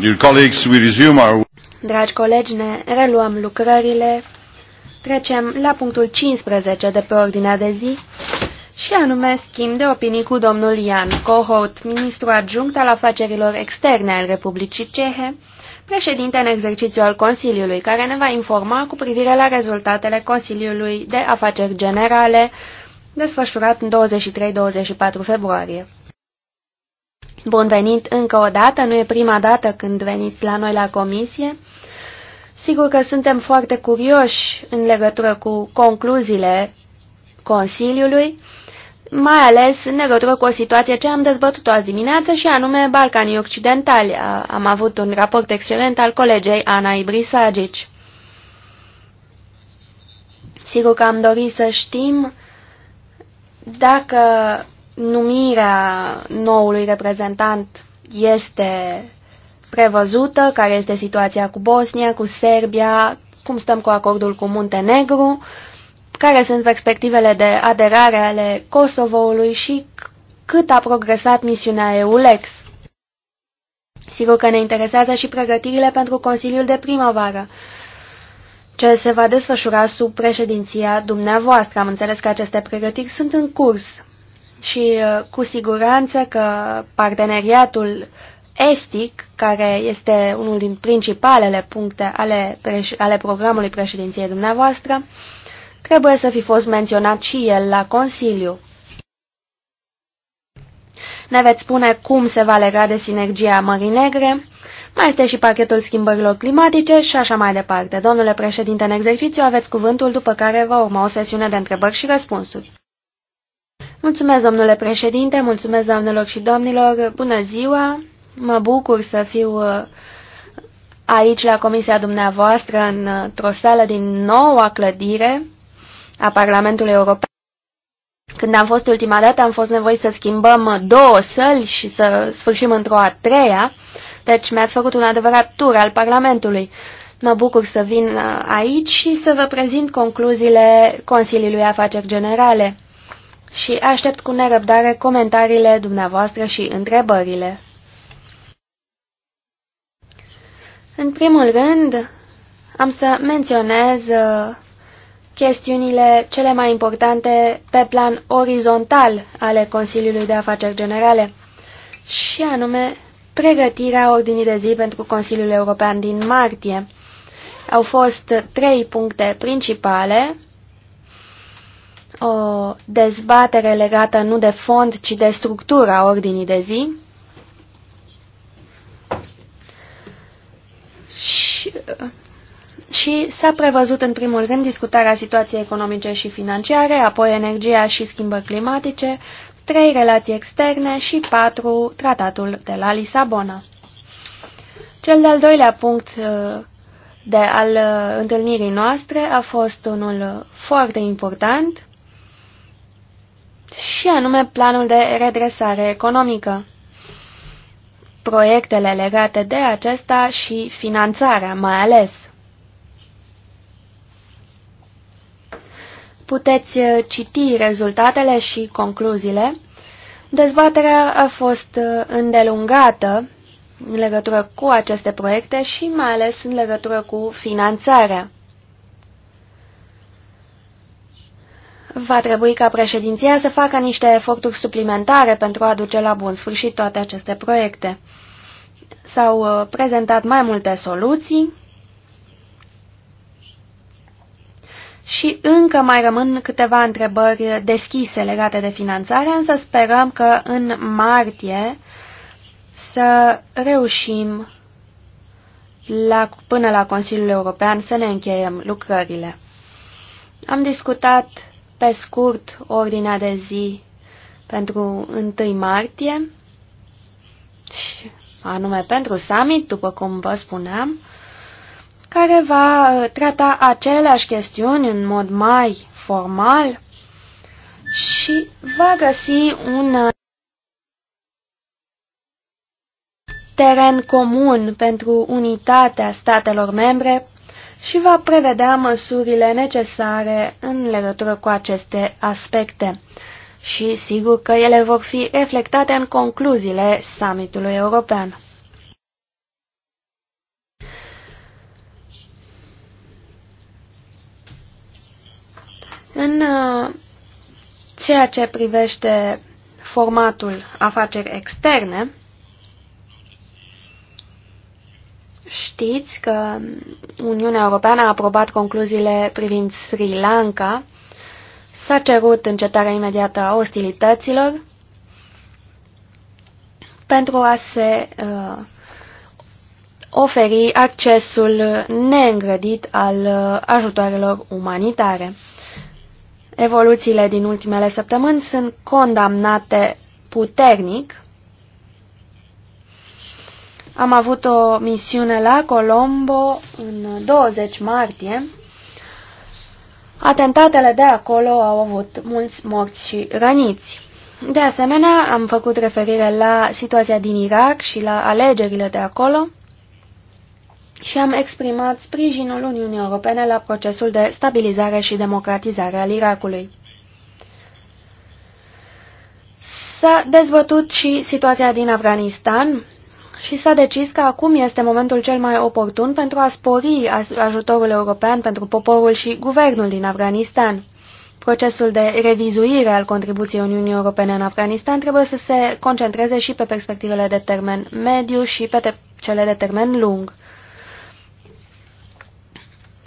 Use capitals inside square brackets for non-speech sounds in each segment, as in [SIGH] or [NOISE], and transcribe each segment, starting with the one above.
Dear colleagues, we resume our... Dragi colegi, ne reluăm lucrările. Trecem la punctul 15 de pe ordinea de zi și anume schimb de opinii cu domnul Ian Cohort, ministru adjunct al afacerilor externe al Republicii Cehe, președinte în exercițiu al Consiliului, care ne va informa cu privire la rezultatele Consiliului de Afaceri Generale desfășurat în 23-24 februarie. Bun venit încă o dată, nu e prima dată când veniți la noi la comisie. Sigur că suntem foarte curioși în legătură cu concluziile Consiliului, mai ales în legătură cu o situație ce am dezbătut-o azi dimineață și anume Balcanii Occidentali. Am avut un raport excelent al colegei Ana Ibrisagici. Sigur că am dorit să știm dacă numirea noului reprezentant este prevăzută, care este situația cu Bosnia, cu Serbia, cum stăm cu acordul cu Muntenegru, care sunt perspectivele de aderare ale Kosovoului și cât a progresat misiunea EULEX. Sigur că ne interesează și pregătirile pentru Consiliul de primăvară ce se va desfășura sub președinția dumneavoastră. Am înțeles că aceste pregătiri sunt în curs și uh, cu siguranță că parteneriatul estic, care este unul din principalele puncte ale, ale programului președinției dumneavoastră, trebuie să fi fost menționat și el la Consiliu. Ne veți spune cum se va lega de sinergia Mării Negre mai este și pachetul schimbărilor climatice și așa mai departe. Domnule președinte în exercițiu, aveți cuvântul după care va urma o sesiune de întrebări și răspunsuri. Mulțumesc, domnule președinte, mulțumesc, doamnelor și domnilor, bună ziua, mă bucur să fiu uh, aici la comisia dumneavoastră într-o sală din noua clădire a Parlamentului European. Când am fost ultima dată, am fost nevoit să schimbăm două săli și să sfârșim într-o a treia, deci mi-ați făcut un adevărat tur al Parlamentului. Mă bucur să vin uh, aici și să vă prezint concluziile Consiliului Afaceri Generale. Și aștept cu nerăbdare comentariile dumneavoastră și întrebările. În primul rând, am să menționez uh, chestiunile cele mai importante pe plan orizontal ale Consiliului de Afaceri Generale, și anume pregătirea ordinii de zi pentru Consiliul European din martie. Au fost trei puncte principale, o dezbatere legată nu de fond, ci de structura ordinii de zi, și, și s-a prevăzut în primul rând discutarea situației economice și financiare, apoi energia și schimbări climatice, 3. Relații externe și 4. Tratatul de la Lisabona. Cel de-al doilea punct uh, de al uh, întâlnirii noastre a fost unul foarte important și anume planul de redresare economică, proiectele legate de acesta și finanțarea mai ales. Puteți uh, citi rezultatele și concluziile. Dezbaterea a fost uh, îndelungată în legătură cu aceste proiecte și mai ales în legătură cu finanțarea. Va trebui ca președinția să facă niște eforturi suplimentare pentru a aduce la bun sfârșit toate aceste proiecte. S-au uh, prezentat mai multe soluții Și încă mai rămân câteva întrebări deschise legate de finanțare, însă sperăm că în martie să reușim la, până la Consiliul European să ne încheiem lucrările. Am discutat pe scurt ordinea de zi pentru 1 martie, anume pentru summit, după cum vă spuneam, care va uh, trata aceleași chestiuni în mod mai formal și va găsi un uh, teren comun pentru unitatea statelor membre și va prevedea măsurile necesare în legătură cu aceste aspecte. Și sigur că ele vor fi reflectate în concluziile summitului european. În uh, ceea ce privește formatul afaceri externe, știți că Uniunea Europeană a aprobat concluziile privind Sri Lanka, s-a cerut încetarea imediată a ostilităților pentru a se uh, oferi accesul neîngrădit al uh, ajutoarelor umanitare. Evoluțiile din ultimele săptămâni sunt condamnate puternic. Am avut o misiune la Colombo în 20 martie. Atentatele de acolo au avut mulți morți și răniți. De asemenea, am făcut referire la situația din Irak și la alegerile de acolo și am exprimat sprijinul Uniunii Europene la procesul de stabilizare și democratizare al Irakului. S-a dezvătut și situația din Afganistan și s-a decis că acum este momentul cel mai oportun pentru a spori ajutorul european pentru poporul și guvernul din Afganistan. Procesul de revizuire al contribuției Uniunii Europene în Afganistan trebuie să se concentreze și pe perspectivele de termen mediu și pe cele de termen lung.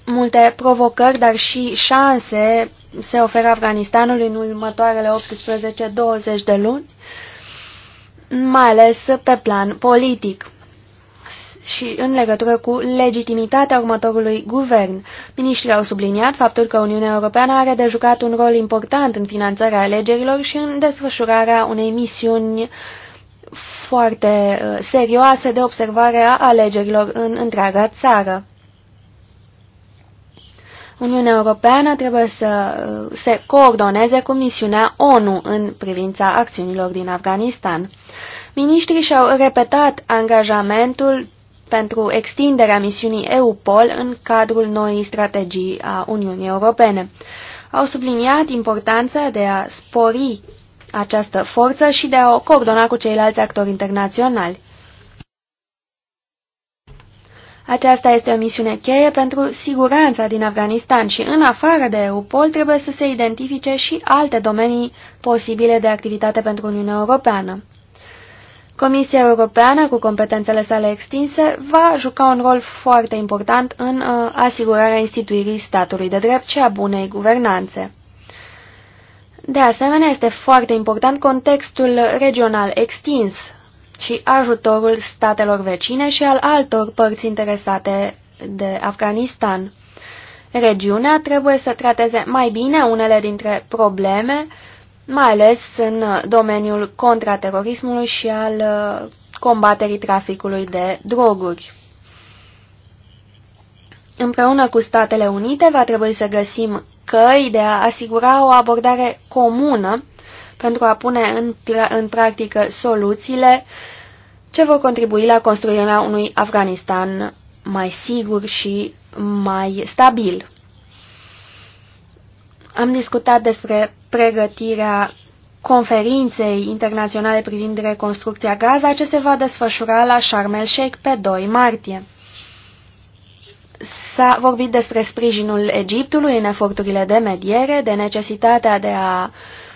Multe provocări, dar și șanse se oferă Afganistanului în următoarele 18-20 de luni, mai ales pe plan politic și în legătură cu legitimitatea următorului guvern. Ministrii au subliniat faptul că Uniunea Europeană are de jucat un rol important în finanțarea alegerilor și în desfășurarea unei misiuni foarte uh, serioase de observare a alegerilor în întreaga țară. Uniunea Europeană trebuie să uh, se coordoneze cu misiunea ONU în privința acțiunilor din Afganistan. Ministrii și-au repetat angajamentul pentru extinderea misiunii EUPOL în cadrul noii strategii a Uniunii Europene. Au subliniat importanța de a spori această forță și de a o coordona cu ceilalți actori internaționali. Aceasta este o misiune cheie pentru siguranța din Afganistan și în afară de EUPOL trebuie să se identifice și alte domenii posibile de activitate pentru Uniunea Europeană. Comisia Europeană, cu competențele sale extinse, va juca un rol foarte important în uh, asigurarea instituirii statului de drept și a bunei guvernanțe. De asemenea, este foarte important contextul regional extins și ajutorul statelor vecine și al altor părți interesate de Afganistan. Regiunea trebuie să trateze mai bine unele dintre probleme, mai ales în domeniul contraterorismului și al uh, combaterii traficului de droguri. Împreună cu Statele Unite va trebui să găsim căi de a asigura o abordare comună pentru a pune în, în practică soluțiile ce vor contribui la construirea unui Afganistan mai sigur și mai stabil. Am discutat despre pregătirea conferinței internaționale privind reconstrucția Gaza ce se va desfășura la Sharm el Sheikh pe 2 martie. S-a vorbit despre sprijinul Egiptului în eforturile de mediere, de necesitatea de a uh,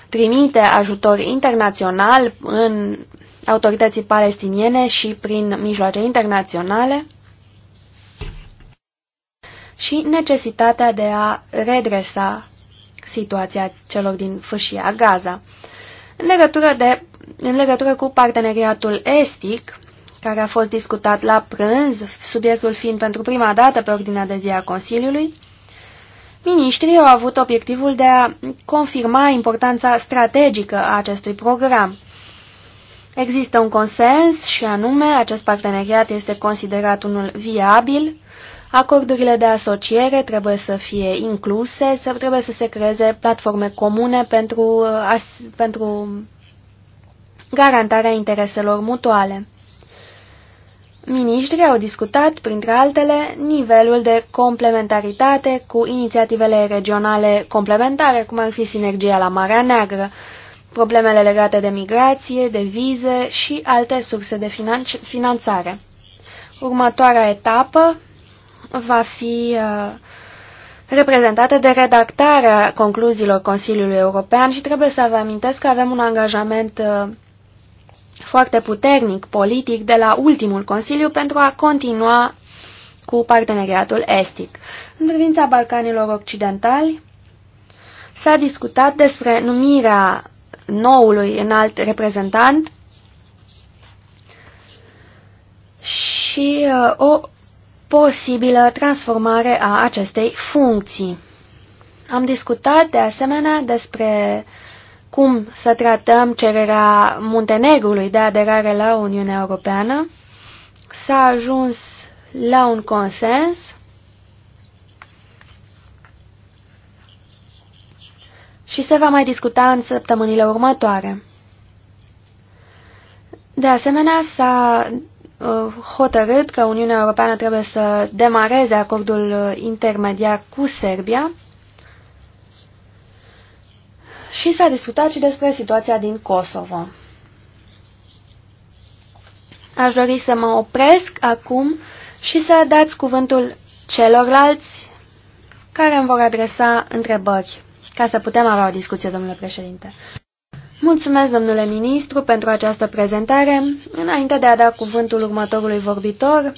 trimite ajutor internațional în autorității palestiniene și prin mijloace internaționale și necesitatea de a redresa situația celor din fâșia Gaza. În legătură, de, în legătură cu parteneriatul estic, care a fost discutat la prânz, subiectul fiind pentru prima dată pe ordinea de zi a Consiliului, Ministrii au avut obiectivul de a confirma importanța strategică a acestui program. Există un consens și anume acest parteneriat este considerat unul viabil, acordurile de asociere trebuie să fie incluse, să trebuie să se creeze platforme comune pentru, pentru garantarea intereselor mutuale. Miniștrii au discutat, printre altele, nivelul de complementaritate cu inițiativele regionale complementare, cum ar fi sinergia la Marea Neagră, problemele legate de migrație, de vize și alte surse de finanțare. Următoarea etapă va fi uh, reprezentată de redactarea concluziilor Consiliului European și trebuie să vă amintesc că avem un angajament uh, foarte puternic politic de la ultimul Consiliu pentru a continua cu parteneriatul estic. În privința Balcanilor Occidentali, s-a discutat despre numirea noului înalt reprezentant și uh, o posibilă transformare a acestei funcții. Am discutat de asemenea despre cum să tratăm cererea Muntenegrului de aderare la Uniunea Europeană. S-a ajuns la un consens și se va mai discuta în săptămânile următoare. De asemenea, s-a uh, hotărât că Uniunea Europeană trebuie să demareze acordul intermediar cu Serbia, și s-a discutat și despre situația din Kosovo. Aș dori să mă opresc acum și să dați cuvântul celorlalți care îmi vor adresa întrebări, ca să putem avea o discuție, domnule președinte. Mulțumesc, domnule ministru, pentru această prezentare. Înainte de a da cuvântul următorului vorbitor,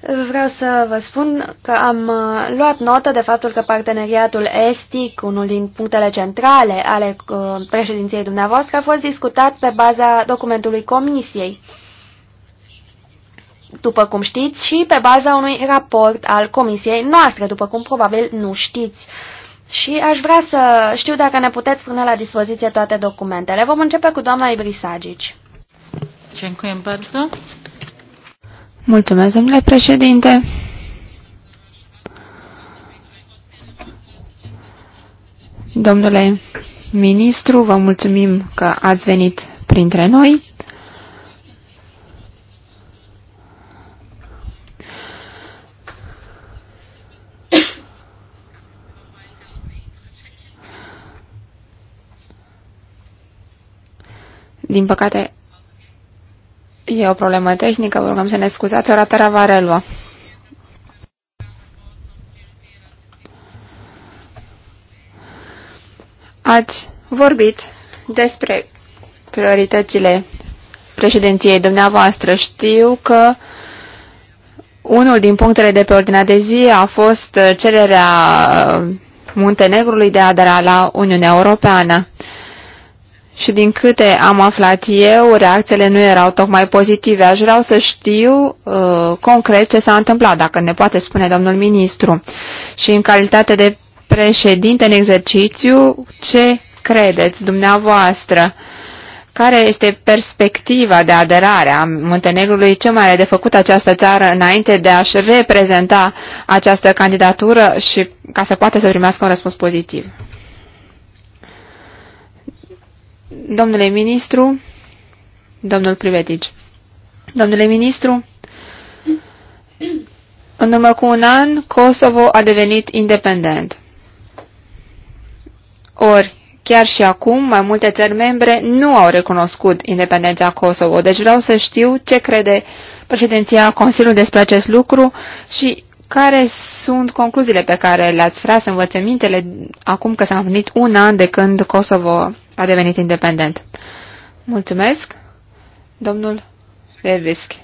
Vreau să vă spun că am uh, luat notă de faptul că parteneriatul estic, unul din punctele centrale ale uh, președinției dumneavoastră, a fost discutat pe baza documentului Comisiei, după cum știți, și pe baza unui raport al Comisiei noastre, după cum probabil nu știți. Și aș vrea să știu dacă ne puteți pune la dispoziție toate documentele. Vom începe cu doamna Ibrisagici. Dziękuję bardzo. Mulțumesc, domnule președinte. Domnule ministru, vă mulțumim că ați venit printre noi. Din păcate, E o problemă tehnică, vă rugăm să ne scuzați, oratoarea va relua. Ați vorbit despre prioritățile președinției dumneavoastră. Știu că unul din punctele de pe ordinea de zi a fost cererea Muntenegrului de a adera la Uniunea Europeană și din câte am aflat eu, reacțiile nu erau tocmai pozitive. Aș vrea să știu uh, concret ce s-a întâmplat, dacă ne poate spune domnul ministru. Și în calitate de președinte în exercițiu, ce credeți dumneavoastră? Care este perspectiva de aderare a Muntenegrului? Ce mai are de făcut această țară înainte de a-și reprezenta această candidatură și ca să poată să primească un răspuns pozitiv? Domnule ministru, domnul Privetici, domnule ministru, în urmă cu un an, Kosovo a devenit independent. Ori, chiar și acum, mai multe țări membre nu au recunoscut independența Kosovo, deci vreau să știu ce crede președinția Consiliului despre acest lucru și care sunt concluziile pe care le-ați tras învățămintele acum că s-a venit un an de când Kosovo a devenit independent. Mulțumesc, domnul Vevischi.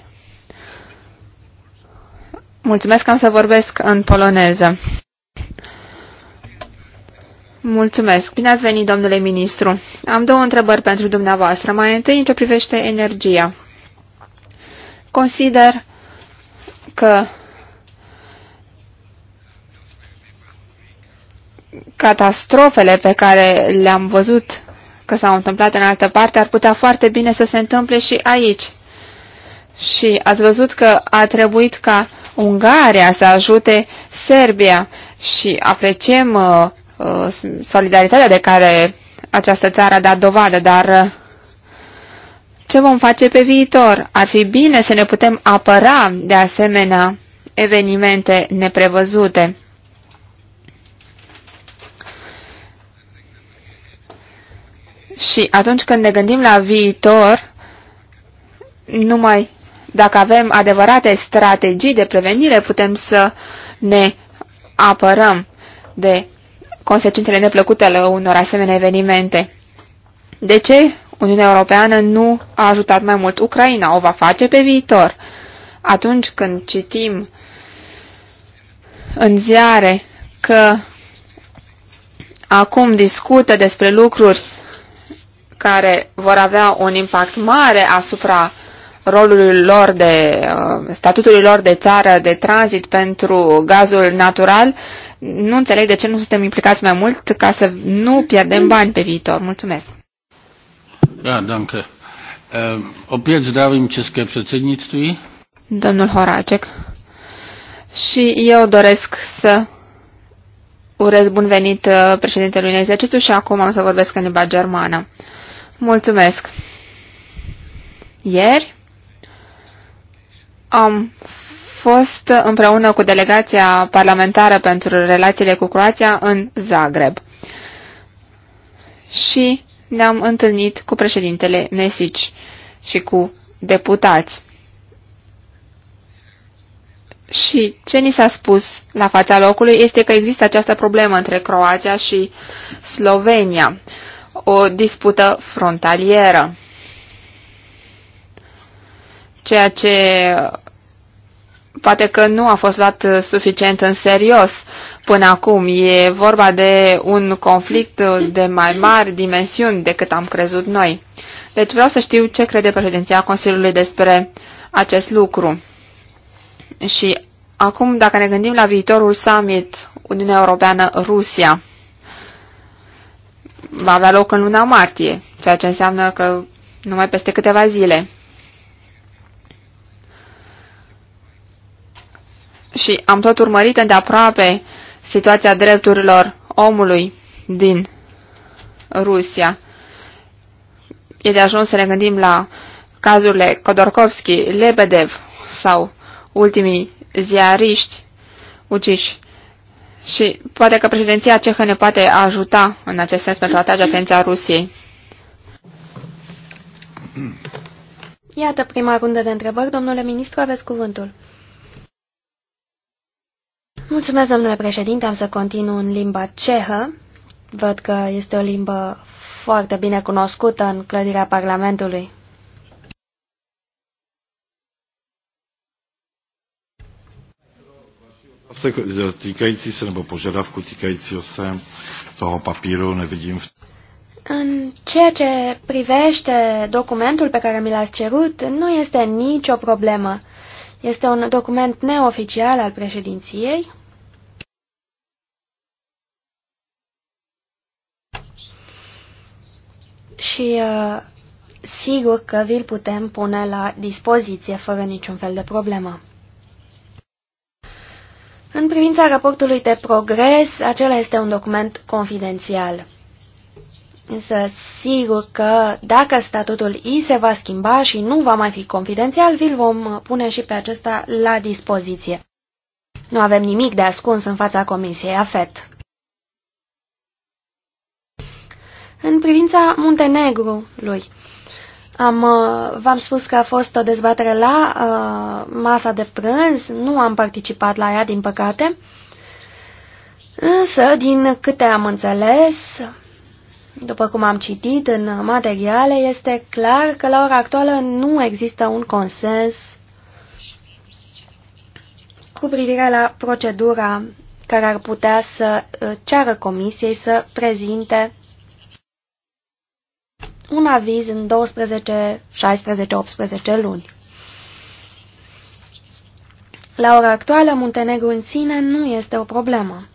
Mulțumesc, am să vorbesc în poloneză. Mulțumesc. Bine ați venit, domnule ministru. Am două întrebări pentru dumneavoastră. Mai întâi, în ce privește energia. Consider că catastrofele pe care le-am văzut că s-au întâmplat în altă parte, ar putea foarte bine să se întâmple și aici. Și ați văzut că a trebuit ca Ungaria să ajute Serbia și apreciem uh, uh, solidaritatea de care această țară a dat dovadă, dar uh, ce vom face pe viitor? Ar fi bine să ne putem apăra de asemenea evenimente neprevăzute. Și atunci când ne gândim la viitor, numai dacă avem adevărate strategii de prevenire, putem să ne apărăm de consecințele neplăcute ale unor asemenea evenimente. De ce Uniunea Europeană nu a ajutat mai mult Ucraina? O va face pe viitor. Atunci când citim în ziare că acum discută despre lucruri care vor avea un impact mare asupra rolului lor de, uh, statutului lor de țară de tranzit pentru gazul natural, nu înțeleg de ce nu suntem implicați mai mult ca să nu pierdem bani pe viitor. Mulțumesc. Da, danke. Opět zdravím české předsednictví. Domnul Horacek. Și eu doresc să urez bun venit uh, președintelui în exercițiu și acum am să vorbesc în limba germană. Mulțumesc! Ieri am fost împreună cu delegația parlamentară pentru relațiile cu Croația în Zagreb și ne-am întâlnit cu președintele Mesic și cu deputați. Și ce ni s-a spus la fața locului este că există această problemă între Croația și Slovenia o dispută frontalieră. Ceea ce poate că nu a fost luat suficient în serios până acum. E vorba de un conflict de mai mari dimensiuni decât am crezut noi. Deci vreau să știu ce crede președinția Consiliului despre acest lucru. Și acum, dacă ne gândim la viitorul summit Uniunea Europeană-Rusia, va avea loc în luna martie, ceea ce înseamnă că numai peste câteva zile. Și am tot urmărit îndeaproape situația drepturilor omului din Rusia. E de ajuns să ne gândim la cazurile Kodorkovski, Lebedev sau ultimii ziariști uciși și poate că președinția cehă ne poate ajuta în acest sens pentru a atrage atenția Rusiei. Iată prima rundă de întrebări. Domnule ministru, aveți cuvântul. Mulțumesc, domnule președinte. Am să continu în limba cehă. Văd că este o limbă foarte bine cunoscută în clădirea Parlamentului. týkající se nebo požadavku týkajícího se toho papíru nevidím. În ceea ce privește documentul pe care mi l-ați cerut, nu este nicio problemă. Este un document neoficial al președinției. Și uh, sigur că vi-l putem pune la dispoziție fără niciun fel de problemă. În privința raportului de progres, acela este un document confidențial. Însă, sigur că dacă statutul I se va schimba și nu va mai fi confidențial, vi-l vom pune și pe acesta la dispoziție. Nu avem nimic de ascuns în fața Comisiei AFET. În privința Muntenegrului, am, uh, v-am spus că a fost o dezbatere la uh, masa de prânz, nu am participat la ea, din păcate, însă, din câte am înțeles, după cum am citit în materiale, este clar că la ora actuală nu există un consens cu privire la procedura care ar putea să uh, ceară comisiei să prezinte un aviz în 12, 16, 18 luni. La ora actuală, Muntenegru în sine nu este o problemă.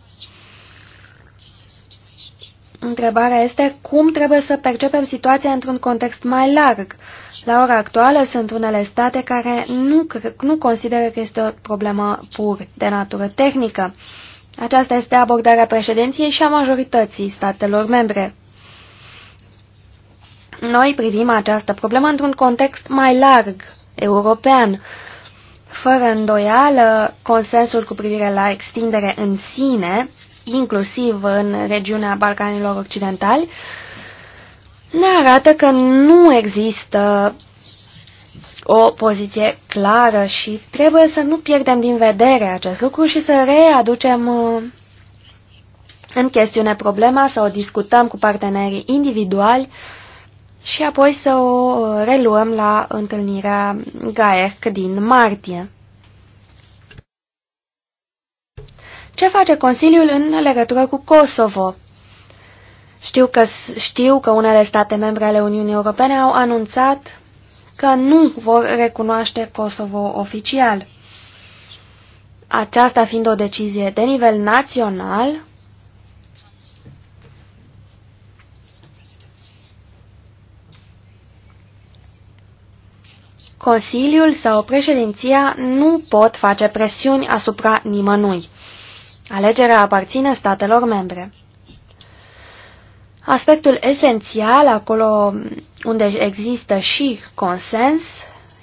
Întrebarea este cum trebuie să percepem situația într-un context mai larg. La ora actuală sunt unele state care nu, nu consideră că este o problemă pur de natură tehnică. Aceasta este abordarea președinției și a majorității statelor membre. Noi privim această problemă într-un context mai larg, european. Fără îndoială, consensul cu privire la extindere în sine, inclusiv în regiunea Balcanilor Occidentali, ne arată că nu există o poziție clară și trebuie să nu pierdem din vedere acest lucru și să readucem uh, în chestiune problema, să o discutăm cu partenerii individuali și apoi să o uh, reluăm la întâlnirea GAERC din martie. Ce face Consiliul în legătură cu Kosovo? Știu că, știu că unele state membre ale Uniunii Europene au anunțat că nu vor recunoaște Kosovo oficial. Aceasta fiind o decizie de nivel național, Consiliul sau președinția nu pot face presiuni asupra nimănui. Alegerea aparține statelor membre. Aspectul esențial, acolo unde există și consens,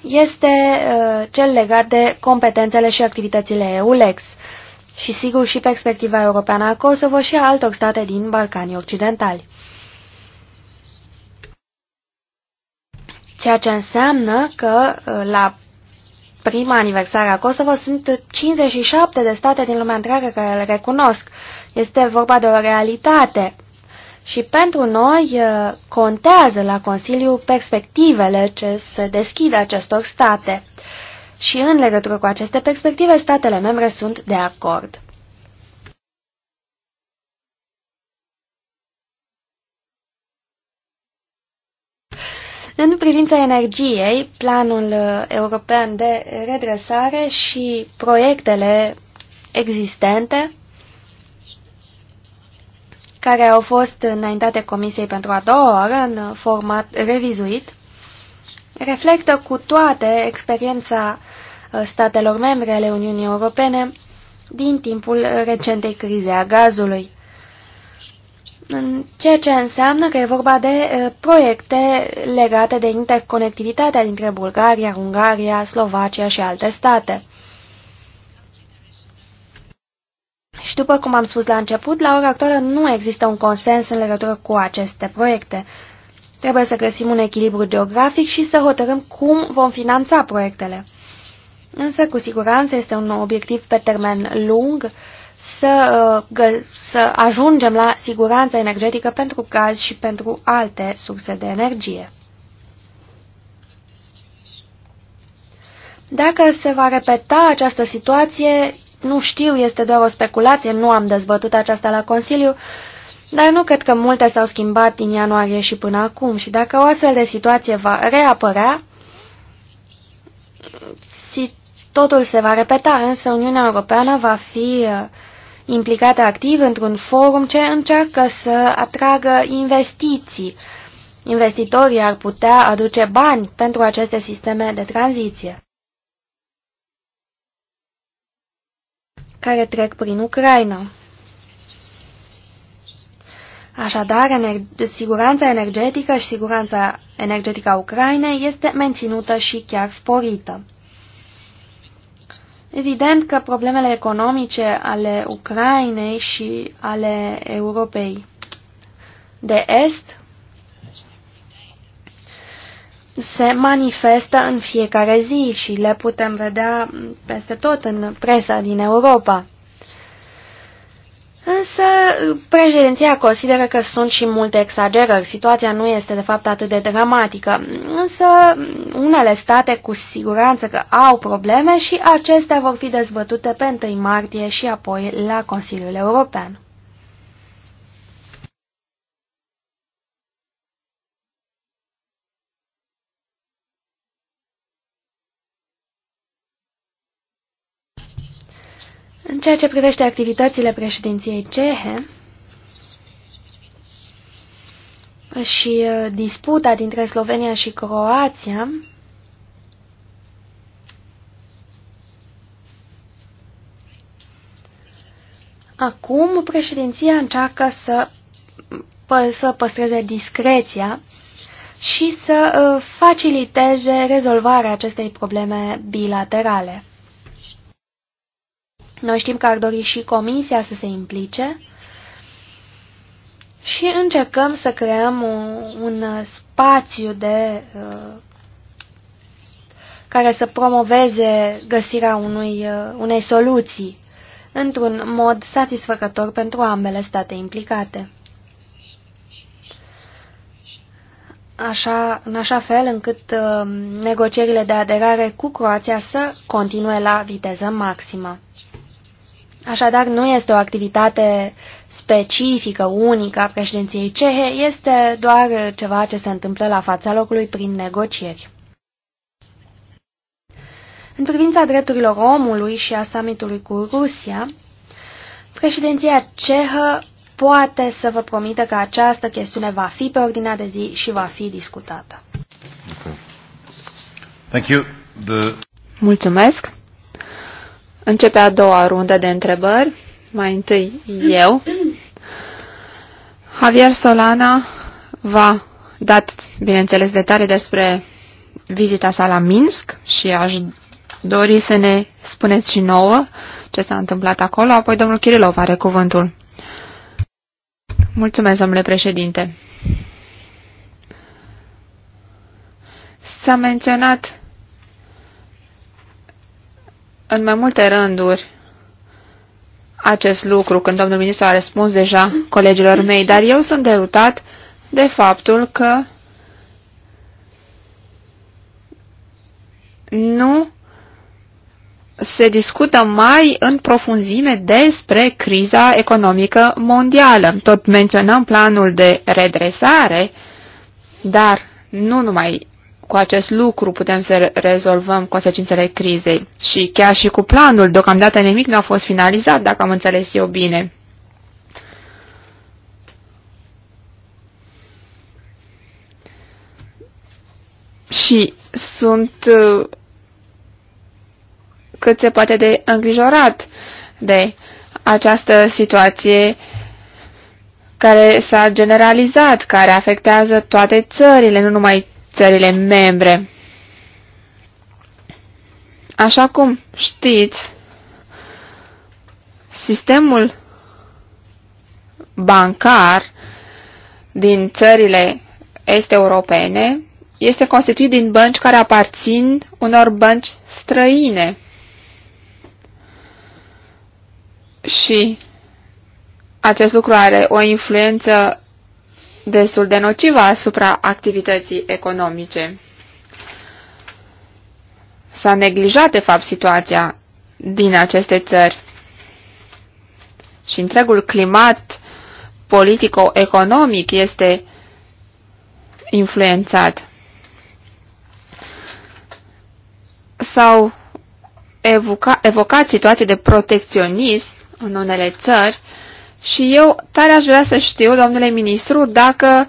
este uh, cel legat de competențele și activitățile EULEX și sigur și perspectiva europeană a Kosovo și a altor state din Balcanii Occidentali. Ceea ce înseamnă că ă, la prima aniversare a Kosovo sunt 57 de state din lumea întreagă care le recunosc. Este vorba de o realitate. Și pentru noi ă, contează la Consiliu perspectivele ce se deschid acestor state. Și în legătură cu aceste perspective, statele membre sunt de acord. În privința energiei, planul european de redresare și proiectele existente care au fost înaintate Comisiei pentru a doua oară în format revizuit, reflectă cu toate experiența uh, statelor membre ale Uniunii Europene din timpul recentei crize a gazului ceea ce înseamnă că e vorba de uh, proiecte legate de interconectivitatea dintre Bulgaria, Ungaria, Slovacia și alte state. Și după cum am spus la început, la ora actuală nu există un consens în legătură cu aceste proiecte. Trebuie să găsim un echilibru geografic și să hotărâm cum vom finanța proiectele. Însă, cu siguranță, este un obiectiv pe termen lung, uh, să, uh, să ajungem la siguranță energetică pentru gaz și pentru alte surse de energie. Dacă se va repeta această situație, nu știu, este doar o speculație, nu am dezbătut aceasta la Consiliu, dar nu cred că multe s-au schimbat din ianuarie și până acum și dacă o astfel de situație va reapărea, totul se va repeta, însă Uniunea Europeană va fi uh, implicată activ într-un forum ce încearcă să atragă investiții. Investitorii ar putea aduce bani pentru aceste sisteme de tranziție care trec prin Ucraina. Așadar, ener siguranța energetică și siguranța energetică a Ucrainei este menținută și chiar sporită. Evident că problemele economice ale Ucrainei și ale Europei de Est se manifestă în fiecare zi și le putem vedea peste tot în presa din Europa. Însă, președinția consideră că sunt și multe exagerări. Situația nu este, de fapt, atât de dramatică. Însă, unele state cu siguranță că au probleme și acestea vor fi dezbătute pe 1 martie și apoi la Consiliul European. În ceea ce privește activitățile președinției cehe, și uh, disputa dintre Slovenia și Croația, Acum președinția încearcă să, pă, să păstreze discreția și să uh, faciliteze rezolvarea acestei probleme bilaterale. Noi știm că ar dori și Comisia să se implice și încercăm să creăm un uh, spațiu de uh, care să promoveze găsirea unui, uh, unei soluții într-un mod satisfăcător pentru ambele state implicate. Așa, în așa fel încât uh, negocierile de aderare cu Croația să continue la viteză maximă. Așadar, nu este o activitate specifică, unică a președinției cehe, este doar ceva ce se întâmplă la fața locului prin negocieri. În privința drepturilor omului și a summitului cu Rusia, președinția cehă poate să vă promită că această chestiune va fi pe ordinea de zi și va fi discutată. Thank you. The... Mulțumesc. Începe a doua rundă de întrebări mai întâi eu. Javier Solana va dat, bineînțeles, detalii despre vizita sa la Minsk și aș dori să ne spuneți și nouă ce s-a întâmplat acolo, apoi domnul Kirilov are cuvântul. Mulțumesc, domnule președinte. S-a menționat în mai multe rânduri acest lucru când domnul ministru a răspuns deja colegilor mei, dar eu sunt derutat de faptul că nu se discută mai în profunzime despre criza economică mondială. Tot menționăm planul de redresare, dar nu numai cu acest lucru putem să rezolvăm consecințele crizei. Și chiar și cu planul, deocamdată nimic nu a fost finalizat, dacă am înțeles eu bine. Și sunt uh, cât se poate de îngrijorat de această situație care s-a generalizat, care afectează toate țările, nu numai țările membre. Așa cum știți, sistemul bancar din țările este europene este constituit din bănci care aparțin unor bănci străine. Și acest lucru are o influență destul de nocivă asupra activității economice. S-a neglijat, de fapt, situația din aceste țări și întregul climat politico-economic este influențat. S-au evocat situații de protecționism în unele țări și eu tare aș vrea să știu, domnule ministru, dacă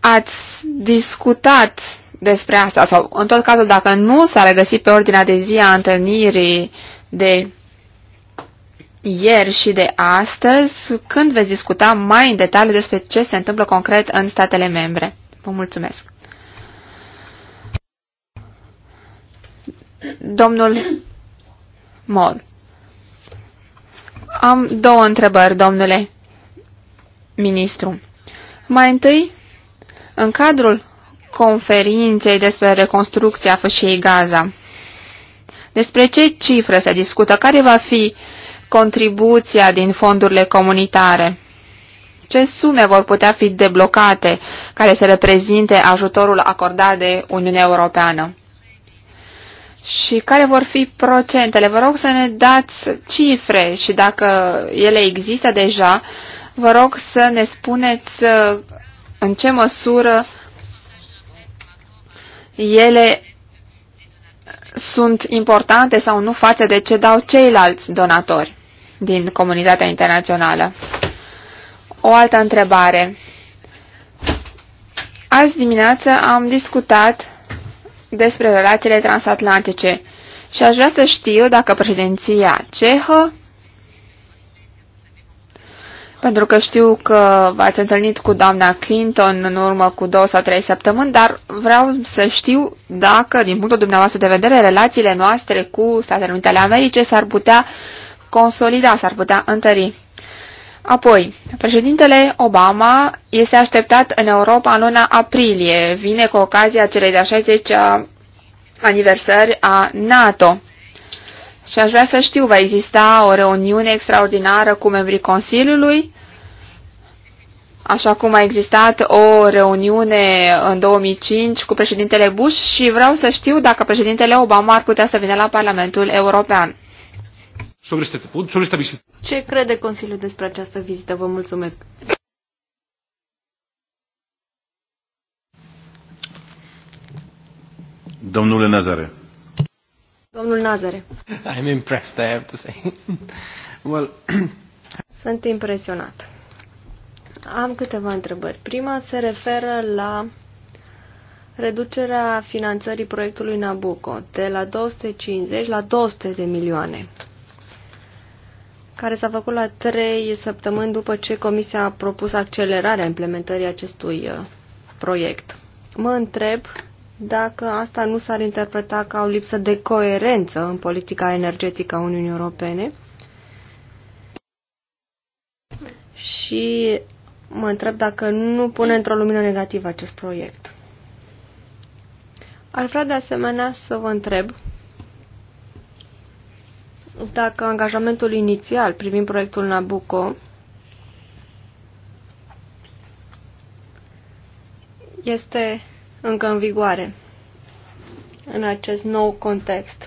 ați discutat despre asta sau, în tot cazul, dacă nu s-a regăsit pe ordinea de zi a întâlnirii de ieri și de astăzi, când veți discuta mai în detaliu despre ce se întâmplă concret în statele membre. Vă mulțumesc. Domnul Mold. Am două întrebări, domnule ministru. Mai întâi, în cadrul conferinței despre reconstrucția fâșiei Gaza, despre ce cifre se discută? Care va fi contribuția din fondurile comunitare? Ce sume vor putea fi deblocate care să reprezinte ajutorul acordat de Uniunea Europeană? și care vor fi procentele. Vă rog să ne dați cifre și dacă ele există deja, vă rog să ne spuneți uh, în ce măsură ele sunt importante sau nu față de ce dau ceilalți donatori din comunitatea internațională. O altă întrebare. Azi dimineață am discutat despre relațiile transatlantice și aș vrea să știu dacă președinția cehă, pentru că știu că v-ați întâlnit cu doamna Clinton în urmă cu două sau trei săptămâni, dar vreau să știu dacă, din punctul dumneavoastră de vedere, relațiile noastre cu Statele Unite ale Americii s-ar putea consolida, s-ar putea întări. Apoi, președintele Obama este așteptat în Europa în luna aprilie. Vine cu ocazia celei de-a 60-a aniversări a NATO. Și aș vrea să știu, va exista o reuniune extraordinară cu membrii Consiliului? Așa cum a existat o reuniune în 2005 cu președintele Bush și vreau să știu dacă președintele Obama ar putea să vină la Parlamentul European sobre este punct, sobre esta vizită. Ce crede Consiliul despre această vizită? Vă mulțumesc. Domnule Nazare. Domnul Nazare. I'm impressed, I have to say. [LAUGHS] well... [CLEARS THROAT] Sunt impresionat. Am câteva întrebări. Prima se referă la reducerea finanțării proiectului Nabucco de la 250 la 200 de milioane care s-a făcut la trei săptămâni după ce Comisia a propus accelerarea implementării acestui uh, proiect. Mă întreb dacă asta nu s-ar interpreta ca o lipsă de coerență în politica energetică a Uniunii Europene și mă întreb dacă nu pune într-o lumină negativă acest proiect. Ar vrea de asemenea să vă întreb dacă angajamentul inițial privind proiectul Nabucco este încă în vigoare în acest nou context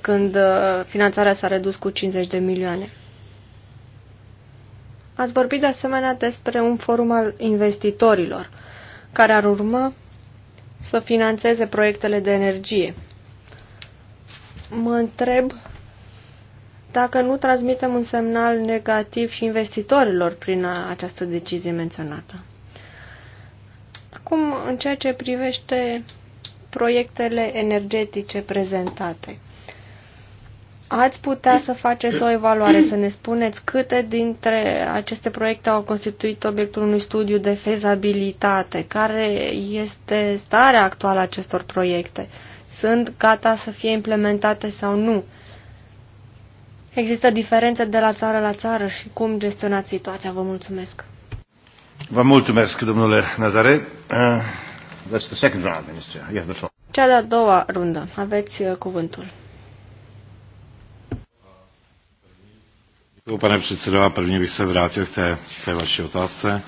când uh, finanțarea s-a redus cu 50 de milioane. Ați vorbit de asemenea despre un forum al investitorilor care ar urma să financeze proiectele de energie. Mă întreb dacă nu transmitem un semnal negativ și investitorilor prin această decizie menționată. Acum, în ceea ce privește proiectele energetice prezentate, ați putea să faceți o evaluare, să ne spuneți câte dintre aceste proiecte au constituit obiectul unui studiu de fezabilitate, care este starea actuală a acestor proiecte, sunt gata să fie implementate sau nu Există diferențe de la țară la țară și cum gestionați situația. Vă mulțumesc. Vă mulțumesc, domnule Nazare. Uh, that's the second round, minister. Yes, the floor. Cea de-a doua rundă. Aveți uh, cuvântul. Pane předsedo, a první bych se vrátil k té, té vaší otázce.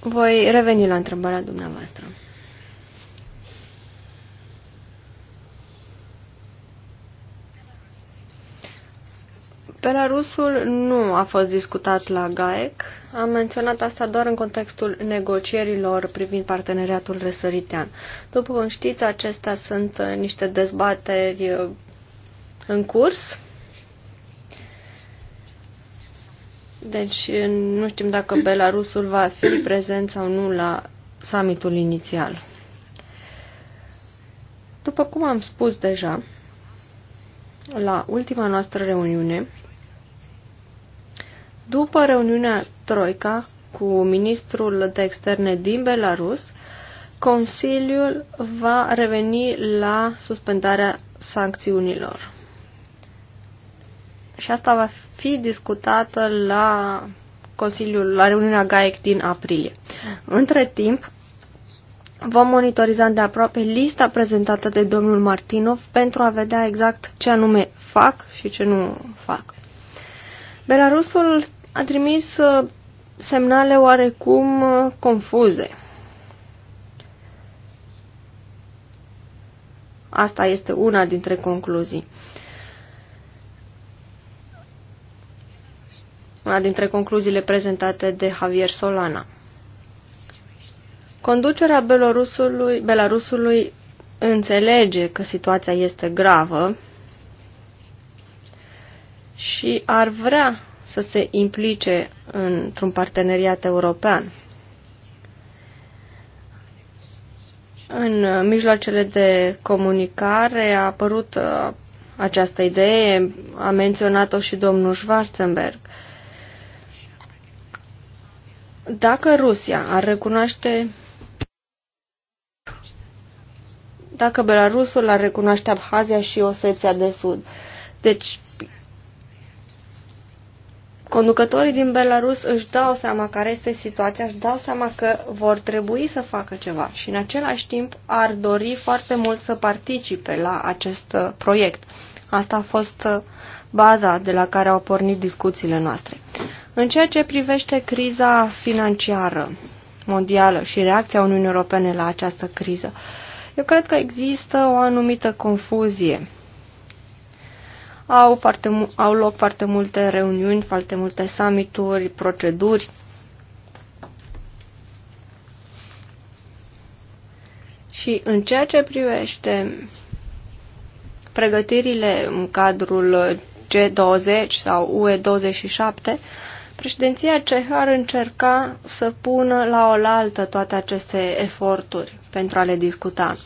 Voi reveni la întrebarea dumneavoastră. Belarusul nu a fost discutat la GAEC. Am menționat asta doar în contextul negocierilor privind parteneriatul răsăritean. După cum știți, acestea sunt uh, niște dezbateri uh, în curs. Deci uh, nu știm dacă Belarusul va fi prezent sau nu la summitul inițial. După cum am spus deja, la ultima noastră reuniune, după reuniunea Troica cu ministrul de externe din Belarus, Consiliul va reveni la suspendarea sancțiunilor. Și asta va fi discutată la Consiliul, la reuniunea GAEC din aprilie. Între timp, vom monitoriza de aproape lista prezentată de domnul Martinov pentru a vedea exact ce anume fac și ce nu fac. Belarusul a trimis uh, semnale oarecum uh, confuze. Asta este una dintre concluzii. Una dintre concluziile prezentate de Javier Solana. Conducerea Belarusului, Belarusului înțelege că situația este gravă și ar vrea să se implice într-un parteneriat european. În mijloacele de comunicare a apărut uh, această idee, a menționat-o și domnul Schwarzenberg. Dacă Rusia ar recunoaște dacă Belarusul ar recunoaște Abhazia și Osetia de Sud. Deci, conducătorii din Belarus își dau seama care este situația, își dau seama că vor trebui să facă ceva și în același timp ar dori foarte mult să participe la acest uh, proiect. Asta a fost uh, baza de la care au pornit discuțiile noastre. În ceea ce privește criza financiară mondială și reacția Uniunii Europene la această criză, eu cred că există o anumită confuzie au, foarte, au loc foarte multe reuniuni, foarte multe summituri, proceduri. Și în ceea ce privește pregătirile în cadrul G20 sau UE27, președinția cehă ar încerca să pună la oaltă toate aceste eforturi pentru a le discuta.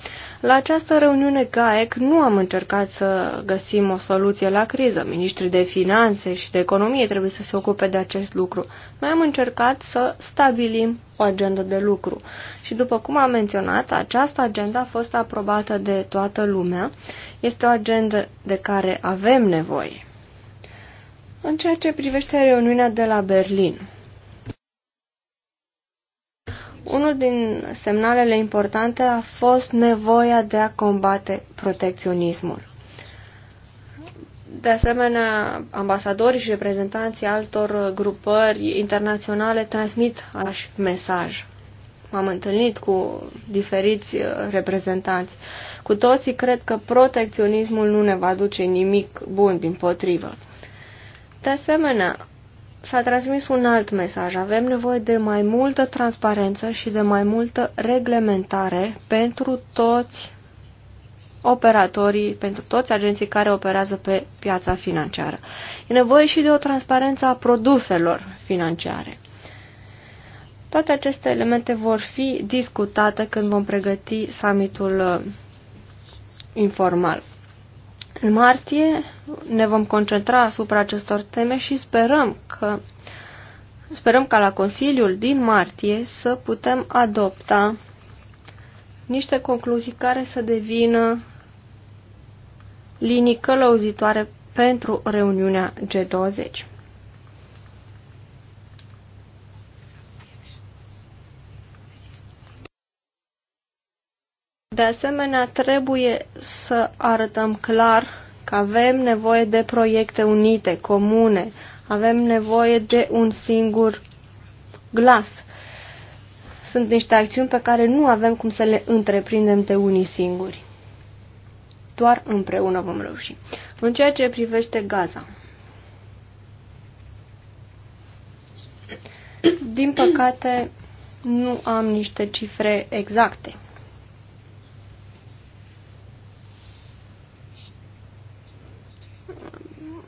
La această reuniune GAEC nu am încercat să găsim o soluție la criză. Ministrii de finanțe și de economie trebuie să se ocupe de acest lucru. Noi am încercat să stabilim o agendă de lucru. Și după cum am menționat, această agenda a fost aprobată de toată lumea. Este o agendă de care avem nevoie. În ceea ce privește reuniunea de la Berlin, unul din semnalele importante a fost nevoia de a combate protecționismul. De asemenea, ambasadorii și reprezentanții altor grupări internaționale transmit același mesaj. M-am întâlnit cu diferiți reprezentanți. Cu toții cred că protecționismul nu ne va duce nimic bun din potrivă. De asemenea, s-a transmis un alt mesaj. Avem nevoie de mai multă transparență și de mai multă reglementare pentru toți operatorii, pentru toți agenții care operează pe piața financiară. E nevoie și de o transparență a produselor financiare. Toate aceste elemente vor fi discutate când vom pregăti summitul uh, informal. În martie ne vom concentra asupra acestor teme și sperăm că sperăm ca la Consiliul din martie să putem adopta niște concluzii care să devină linii călăuzitoare pentru reuniunea G20. De asemenea, trebuie să arătăm clar că avem nevoie de proiecte unite, comune, avem nevoie de un singur glas. Sunt niște acțiuni pe care nu avem cum să le întreprindem de unii singuri. Doar împreună vom reuși. În ceea ce privește Gaza, din păcate nu am niște cifre exacte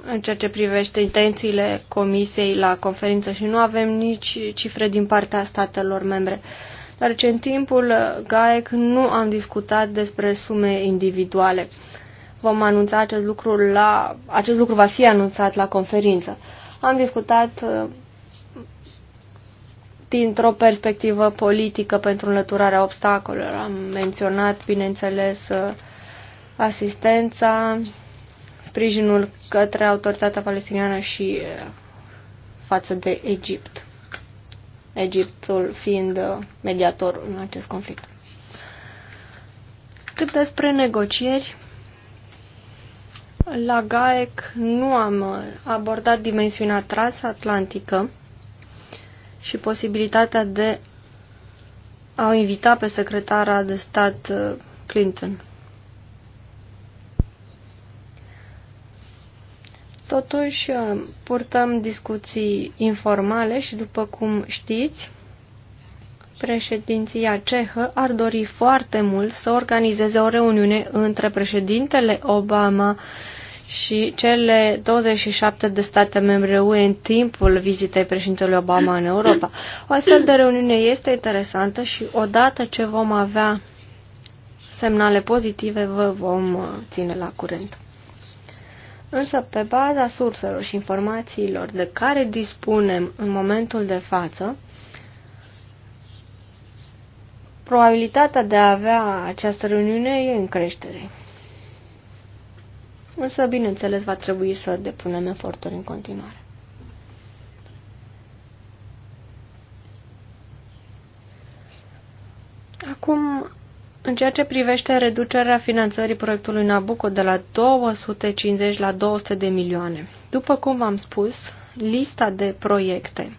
în ceea ce privește intențiile Comisiei la conferință și nu avem nici cifre din partea statelor membre. Dar ce în timpul GAEC nu am discutat despre sume individuale. Vom anunța acest lucru la... acest lucru va fi anunțat la conferință. Am discutat uh, dintr-o perspectivă politică pentru înlăturarea obstacolelor. Am menționat, bineînțeles, uh, asistența, sprijinul către autoritatea palestiniană și față de Egipt. Egiptul fiind mediator în acest conflict. Cât despre negocieri, la GAEC nu am abordat dimensiunea transatlantică și posibilitatea de a o invita pe secretara de stat Clinton. Totuși, uh, purtăm discuții informale și, după cum știți, președinția cehă ar dori foarte mult să organizeze o reuniune între președintele Obama și cele 27 de state membre UE în timpul vizitei președintelui Obama în Europa. O astfel de reuniune este interesantă și odată ce vom avea semnale pozitive, vă vom uh, ține la curent. Însă, pe baza surselor și informațiilor de care dispunem în momentul de față, probabilitatea de a avea această reuniune e în creștere. Însă, bineînțeles, va trebui să depunem eforturi în continuare. Acum în ceea ce privește reducerea finanțării proiectului Nabucco de la 250 la 200 de milioane, după cum v am spus, lista de proiecte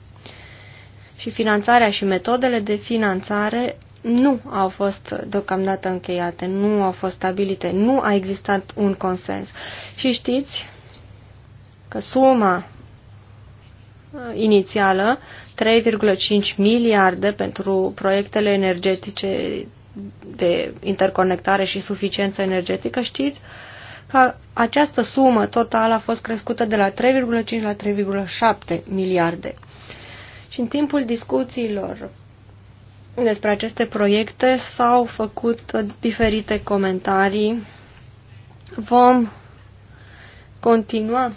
și finanțarea și metodele de finanțare nu au fost deocamdată încheiate, nu au fost stabilite, nu a existat un consens. Și știți că suma uh, inițială, 3,5 miliarde pentru proiectele energetice de interconectare și suficiență energetică, știți că această sumă totală a fost crescută de la 3,5 la 3,7 miliarde. Și în timpul discuțiilor despre aceste proiecte s-au făcut diferite comentarii. Vom continua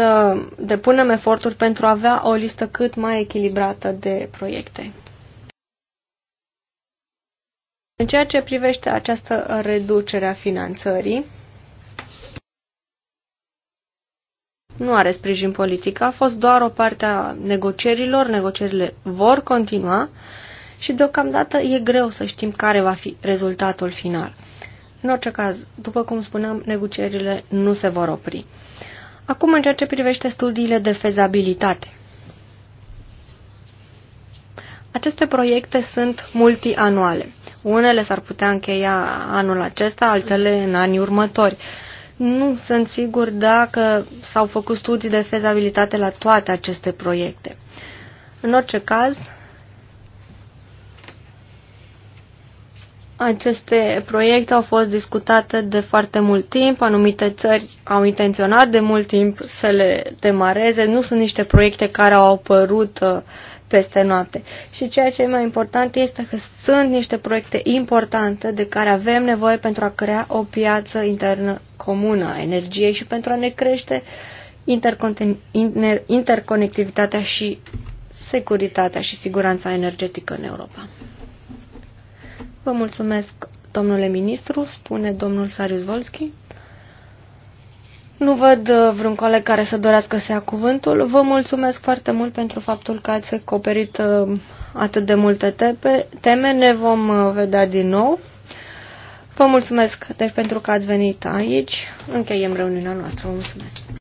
să depunem eforturi pentru a avea o listă cât mai echilibrată de proiecte. În ceea ce privește această reducere a finanțării, nu are sprijin politic, a fost doar o parte a negocierilor, negocierile vor continua și deocamdată e greu să știm care va fi rezultatul final. În orice caz, după cum spuneam, negocierile nu se vor opri. Acum, în ceea ce privește studiile de fezabilitate. Aceste proiecte sunt multianuale. Unele s-ar putea încheia anul acesta, altele în anii următori. Nu sunt sigur dacă s-au făcut studii de fezabilitate la toate aceste proiecte. În orice caz, Aceste proiecte au fost discutate de foarte mult timp, anumite țări au intenționat de mult timp să le demareze, nu sunt niște proiecte care au apărut uh, peste noapte. Și ceea ce e mai important este că sunt niște proiecte importante de care avem nevoie pentru a crea o piață internă comună a energiei și pentru a ne crește interconectivitatea și securitatea și siguranța energetică în Europa. Vă mulțumesc, domnule ministru, spune domnul Sarius Volski. Nu văd uh, vreun coleg care să dorească să ia cuvântul. Vă mulțumesc foarte mult pentru faptul că ați acoperit uh, atât de multe teme. Ne vom uh, vedea din nou. Vă mulțumesc deci pentru că ați venit aici. Încheiem reuniunea noastră. Vă mulțumesc.